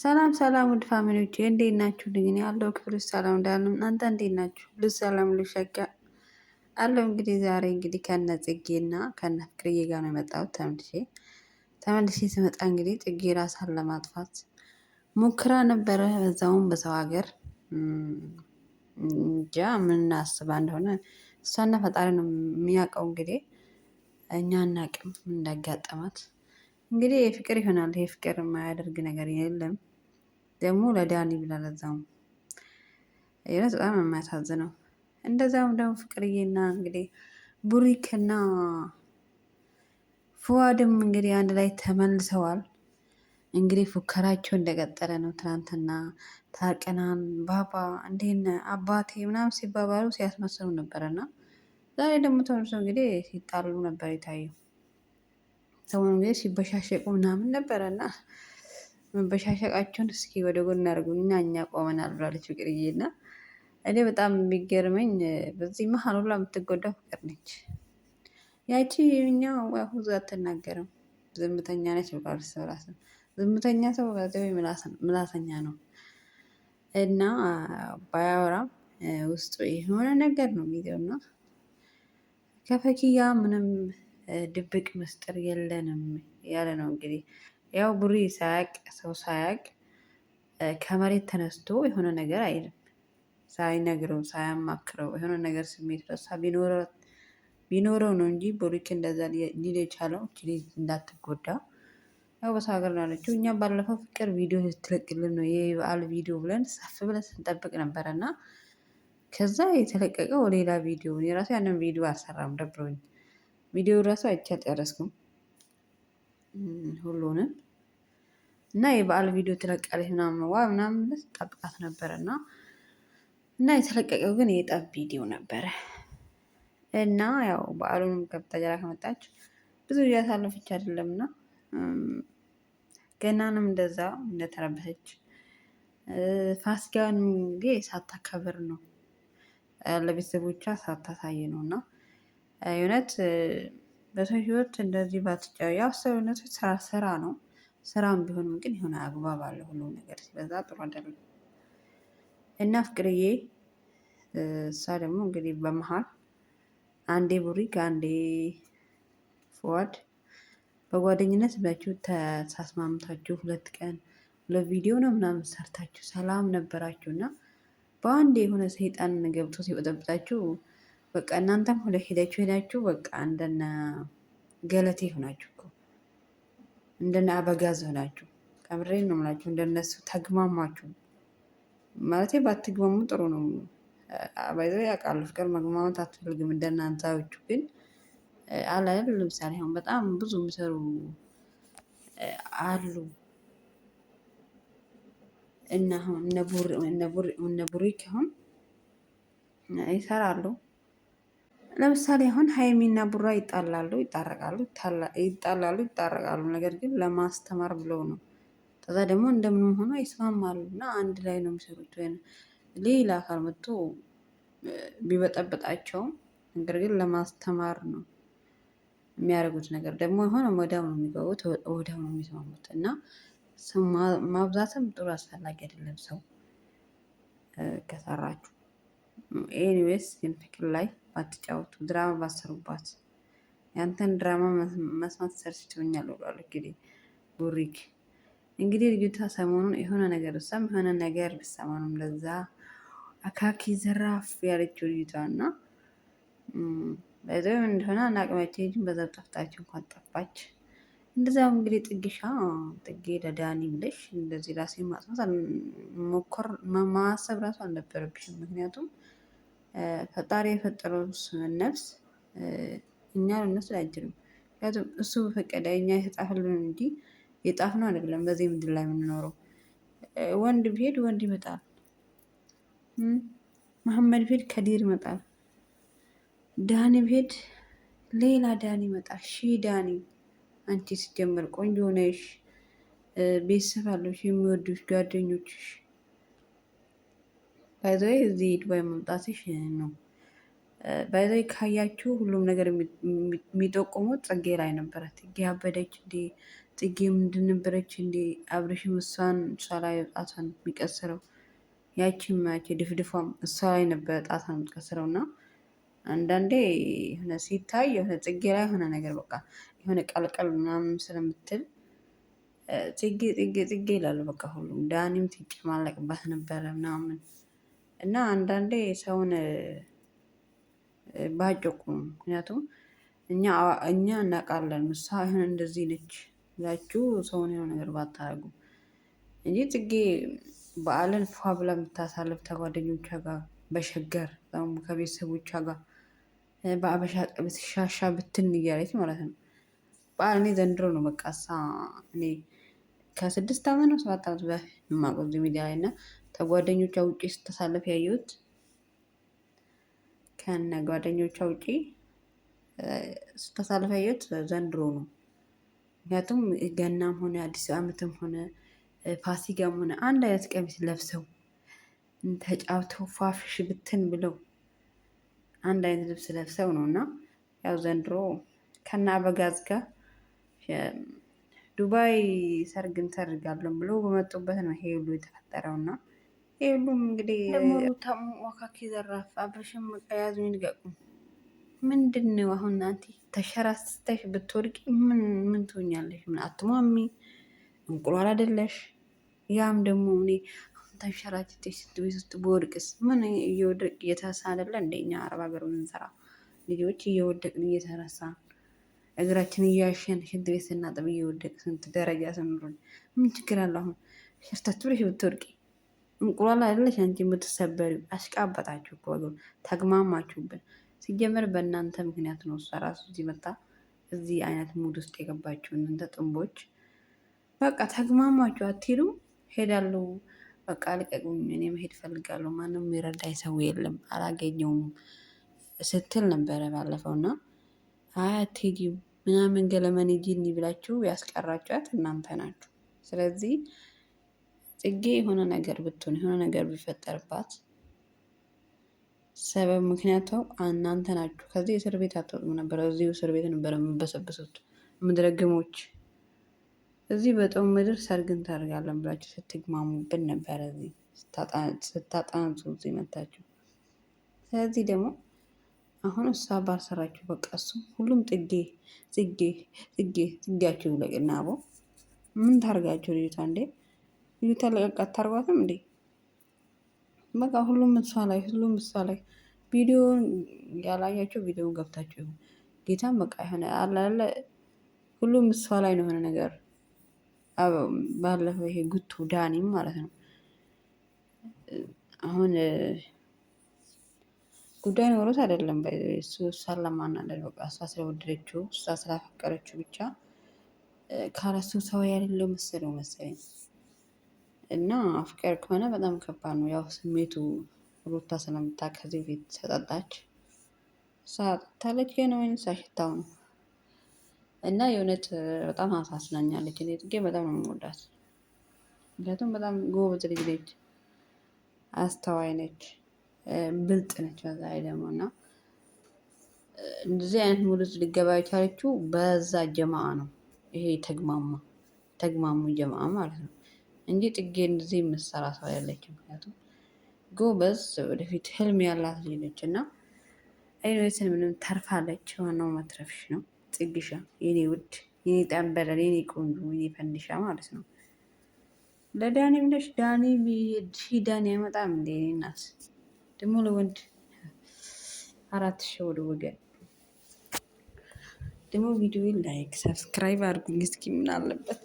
ሰላም ሰላም ውድ ፋሚሊዎች እንዴት ናችሁ? ልኝ ያለው ክፍል ውስጥ ሰላም እንዳለም እናንተ እንዴት ናችሁ? ልጅ ሰላም ልሸጋ አለው። እንግዲህ ዛሬ እንግዲህ ከነ ጽጌና ከነ ፍቅርዬ ጋር ነው የመጣሁት። ተመልሼ ተመልሼ ስመጣ እንግዲህ ጽጌ ራሳን ለማጥፋት ሙክራ ነበረ። በዛውም በሰው ሀገር እንጃ ምናስባ እንደሆነ እሷና ፈጣሪ ነው የሚያውቀው። እንግዲህ እኛ አናቅም እንዳጋጠማት እንግዲህ የፍቅር ይሆናል። ይሄ ፍቅር የማያደርግ ነገር የለም። ደግሞ ለዳኒ ብላ ለዛውም ይነት በጣም የሚያሳዝነው። እንደዛም ደግሞ ፍቅርዬና እንግዲህ ቡሪክና ፍዋድም እንግዲህ አንድ ላይ ተመልሰዋል። እንግዲህ ፉከራቸው እንደቀጠለ ነው። ትናንትና ታርቀናን ባባ እንዴነ አባቴ ምናምን ሲባባሉ ሲያስመስሉ ነበረና ዛሬ ደግሞ ተመልሶ እንግዲህ ሲጣሉ ነበር የታየው። ሰሞኑ እንግዲህ ሲበሻሸቁ ምናምን ነበረና መበሻሸቃቸውን እስኪ ወደ ጎን እና እኛ ቆመናል ብላለች ፍቅርዬ። እና እኔ በጣም የሚገርመኝ በዚህ መሀል ሁላ የምትጎዳው ፍቅር ነች። ያቺ እኛው ሁዙ አትናገርም፣ ዝምተኛ ነች ብሏል። ዝምተኛ ሰው ምላሰኛ ነው እና ባያወራም ውስጡ የሆነ ነገር ነው የሚገውና ከፈኪያ ምንም ድብቅ ምስጢር የለንም ያለ ነው እንግዲህ ያው ብሩ ሳያቅ ሰው ሳያቅ ከመሬት ተነስቶ የሆነ ነገር አይልም። ሳይነግረው ሳያማክረው የሆነ ነገር ስሜት ረሳ ቢኖረው ነው እንጂ ቡሪክ እንደዛ ሊል የቻለው ችሊ እንዳትጎዳ ያው በሰው ሀገር ነው ያለችው። እኛም ባለፈው ፍቅር ቪዲዮ ስትለቅልን ነው የበዓል ቪዲዮ ብለን ሰፍ ብለን ስንጠብቅ ነበረ እና ከዛ የተለቀቀው ሌላ ቪዲዮ እኔ ራሱ ያንን ቪዲዮ አልሰራም ደብሮኝ ቪዲዮ ራሱ አይቼ አልጨረስኩም። ሁሉንም እና የበዓል ቪዲዮ ትለቃለች ምናምን ዋ ምናምን ጠብቃት ነበረ እና እና የተለቀቀው ግን የጠብ ቪዲዮ ነበረ እና ያው በዓሉንም ገብታ ጀራ ከመጣች ብዙ ጊዜ አሳለፈች አይደለም እና ገናንም እንደዛ እንደተረበሰች ፋሲካን ጊዜ ሳታከብር ነው ለቤተሰቦቿ ሳታሳይ ነው እና የእውነት በሰው ህይወት እንደዚህ ባትጫው ያው ሰው ስራ ስራ ነው። ስራም ቢሆንም ግን የሆነ አግባብ አለ። ሁሉም ነገር ሲበዛ ጥሩ አይደለም እና ፍቅርዬ፣ እሷ ደግሞ እንግዲህ በመሀል አንዴ ቡሪክ አንዴ ፍዋድ በጓደኝነት ብላችሁ ተሳስማምታችሁ ሁለት ቀን ሁለት ቪዲዮ ነው ምናምን ሰርታችሁ ሰላም ነበራችሁ እና በአንድ የሆነ ሰይጣን ገብቶ ሲበጠብጣችሁ በቃ እናንተም ሁለ ሄዳችሁ ሄዳችሁ በቃ እንደነ ገለቴ ሆናችሁ እኮ እንደነ አበጋዝ ሆናችሁ ከምሬ ነው የምላችሁ። እንደነሱ ተግማማችሁ ማለት ባትግማሙ ጥሩ ነው። አባይዘ ያውቃሉ ፍቅር መግማማት አትፈልግም። እንደናንተዎቹ ግን አላል ለምሳሌ አሁን በጣም ብዙ የሚሰሩ አሉ እና አሁን እነ ቡሪክ አሁን ይሰራሉ ለምሳሌ አሁን ሀይሚና ቡራ ይጣላሉ፣ ይጣረቃሉ፣ ይጣላሉ፣ ይጣረቃሉ። ነገር ግን ለማስተማር ብለው ነው። ከዛ ደግሞ እንደምንም ሆኖ ይስማማሉ እና አንድ ላይ ነው የሚሰሩት። ወይ ሌላ አካል መጥቶ ቢበጠብጣቸውም ነገር ግን ለማስተማር ነው የሚያደርጉት ነገር ደግሞ የሆነ ወዲያው ነው የሚገቡት፣ ወዲያው ነው የሚስማሙት እና ማብዛትም ጥሩ አስፈላጊ አይደለም ሰው ከሰራችሁ ኤኒዌይስ ግን ፍቅር ላይ ባትጫወቱ ድራማ ባሰሩባት። ያንተን ድራማ መስማት ሰርችቶኛል ብሏል። እንግዲህ ቡሪክ እንግዲህ ልጅቷ ሰሞኑን የሆነ ነገር እሷም የሆነ ነገር ሰሞኑን ለዛ አካኪ ዘራፍ ያለችው ልጅቷ እና በዚም እንደሆነ ናቅመቼ በዛ ጠፍታችሁ እንኳን ጠፋች። እንደዚያው እንግዲህ ጥግሻ ጥጌ ደዳኒ ብለሽ እንደዚህ ራሴ ማጽናት ሞኮር ማሰብ ራሱ አልነበረብሽም። ምክንያቱም ፈጣሪ የፈጠረው ነፍስ እኛ እነሱ አይችልም። ምክንያቱም እሱ በፈቀደ እኛ የተጻፈልን እንጂ ነው አይደለም በዚህ ምድር ላይ የምንኖረው። ወንድ ብሄድ ወንድ ይመጣል። መሐመድ ብሄድ ከዲር ይመጣል። ዳኒ ብሄድ ሌላ ዳኒ ይመጣል። ሺህ ዳኒ አንቺ ሲጀመር ቆንጆ ነሽ፣ ቤተሰብ አለሽ፣ የሚወዱሽ ጓደኞችሽ ባይዘይ እዚህ ዱባይ መምጣትሽ ነው። ባይዘይ ካያችሁ ሁሉም ነገር የሚጠቁመው ጽጌ ላይ ነበረ። ጽጌ አበደች እንዴ? ጽጌ ምንድን ነበረች እንዴ? አብረሽም እሷን እሷ ላይ ጣቷን የሚቀስረው ያቺም ያቺ ድፍድፏም እሷ ላይ ነበረ ጣቷን የሚቀስረው እና አንዳንዴ የሆነ ሲታይ የሆነ ጽጌ ላይ የሆነ ነገር በቃ የሆነ ቀልቀል ምናምን ስለምትል ጽጌ ጽጌ ጽጌ ይላሉ በቃ ሁሉም። ዳኒም ትጨማለቅባት ነበረ ምናምን እና አንዳንዴ ሰውን ባጭቁም፣ ምክንያቱም እኛ እኛ እናውቃለን ምሳ ይሆን እንደዚህ ነች ብላችሁ ሰውን የሆነ ነገር ባታረጉ እንጂ ጽጌ በዓልን ፏ ብላ የምታሳልፍ ከጓደኞቿ ጋር በሸገር ከቤተሰቦቿ ጋር በአበሻ ቀሚስ ሻሻ ብትን እያለች ማለት ነው። በዓል እኔ ዘንድሮ ነው በቃ እሳ እኔ ከስድስት ዓመት ነው ሰባት ዓመት በፊት የማውቀው እዚህ ሚዲያ ላይ እና ከጓደኞቿ ውጪ ስተሳለፍ ያየሁት ከነ ጓደኞቿ ውጪ ስተሳለፍ ያየሁት ዘንድሮ ነው። ምክንያቱም ገናም ሆነ አዲስ ዓመትም ሆነ ፋሲካም ሆነ አንድ አይነት ቀሚስ ለብሰው ተጫውተው ፋፍሽ ብትን ብለው አንድ አይነት ልብስ ለብሰው ነው እና ያው ዘንድሮ ከና በጋዝ ጋር ዱባይ ሰርግ እንሰርጋለን ብሎ በመጡበት ነው ይሄ ሁሉ የተፈጠረው እና ይሄ ሁሉም እንግዲህ ታሙ ዋካኪ ዘራፍ አብረሽም መቀያዙ ይንገቁ ምንድን ነው አሁን እናንተ ተሸራስተሽ ብትወድቂ ምን ምን ትሆኛለሽ? ምን አትሟሚ፣ እንቁሏል አደለሽ? ያም ደግሞ እኔ ተንሸራትተሽ ስትቤት ውስጥ ብወድቅስ ምን እየወደቅ እየተረሳ አይደለ? እንደኛ አረብ ሀገር ምንሰራ ልጆች እየወደቅን እየተረሳ እግራችን እያሸን ሽንት ቤት ስናጥብ እየወደቅ ስንት ደረጃ ስንሩን ምን ችግር አለው? አሁን ሸርተት ብለሽ ብትወድቂ እንቁላል አይደለሽ አንቺ የምትሰበሪው። አሽቃበጣችሁ እኮ ተግማማችሁብን። ሲጀመር በእናንተ ምክንያት ነው እሷ ራሱ እዚህ መጣ እዚህ አይነት ሙድ ውስጥ የገባችሁ እናንተ ጥንቦች። በቃ ተግማማችሁ አትሄዱ ሄዳለሁ በቃ ልቀቁኝ፣ እኔ መሄድ እፈልጋለሁ፣ ማንም የሚረዳኝ ሰው የለም፣ አላገኘውም ስትል ነበረ ባለፈው። እና አይ አትሄጂም ምናምን ገለመን ጂኒ ብላችሁ ያስቀራችኋት እናንተ ናችሁ። ስለዚህ ጽጌ የሆነ ነገር ብትሆን የሆነ ነገር ቢፈጠርባት ሰበብ ምክንያቱ እናንተ ናችሁ። ከዚህ እስር ቤት አትወጡም ነበር፣ እዚሁ እስር ቤት ነበር የምንበሰብሱት ምድረግሞች እዚህ በጦም ምድር ሰርግን ታደርጋለን ብላችሁ ስትግማሙብን ነበረ እዚህ ስታጣንጹ እዚህ መታችሁ። ስለዚህ ደግሞ አሁን እሷ ባልሰራችሁ በቃ እሱ ሁሉም ጥጌ ጽጌ ጽጌ ጽጌያችሁ ለቅና ቦ ምን ታርጋችሁ ልዩታ እንዴ ልዩታ ለቀቅ አታርጓትም እንዴ? በቃ ሁሉም እሷ ላይ ሁሉም እሷ ላይ ቪዲዮን ያላያቸው ቪዲዮን ገብታችሁ ጌታም በቃ የሆነ አላለ ሁሉም እሷ ላይ ነው የሆነ ነገር ባለፈው ይሄ ጉቱ ዳኒም ማለት ነው። አሁን ጉዳይ ኖሮት አይደለም። እሱ እሷን ለማናደድ በቃ እሷ ስለወደደችው እሷ ስላፈቀረችው ብቻ ካለሱ ሰው ያሌለው መሰለው መሰለኝ። እና ፍቅር ከሆነ በጣም ከባድ ነው። ያው ስሜቱ ሩታ ስለምታ ከዚህ ቤት ሰጠጣች ሳታለች ነው ወይም ሳሽታው ነው እና የእውነት በጣም አሳስናኛለች። እኔ ጽጌ በጣም ነው የምወዳት። ምክንያቱም በጣም ጎበዝ ልጅ ነች፣ አስተዋይ ነች፣ ብልጥ ነች። በዛ ላይ ደግሞ እና እንደዚህ አይነት ሙሉት ሊገባ የቻለችው በዛ ጀማአ ነው። ይሄ ተግማማ ተግማሙ ጀማአ ማለት ነው እንጂ ጽጌ እንደዚህ የምትሰራ ሰው ያለች። ምክንያቱም ጎበዝ ወደፊት ህልም ያላት ልጅ ነች እና አይነትን ምንም ተርፋለች። ዋናው መትረፍሽ ነው። ጽግሻ የኔ ውድ የኔ ጠንበረል የኔ ቆንጆ የኔ ፈንዲሻ ማለት ነው። ለዳኒ ብለሽ ዳኒ ሺ ዳኒ አይመጣም እንደ የኔ እናት ደግሞ ለወንድ አራት ሺ ወደ ወገን ደግሞ ቪዲዮ ላይክ ሰብስክራይብ አድርጉኝ። እስኪ ምን አለበት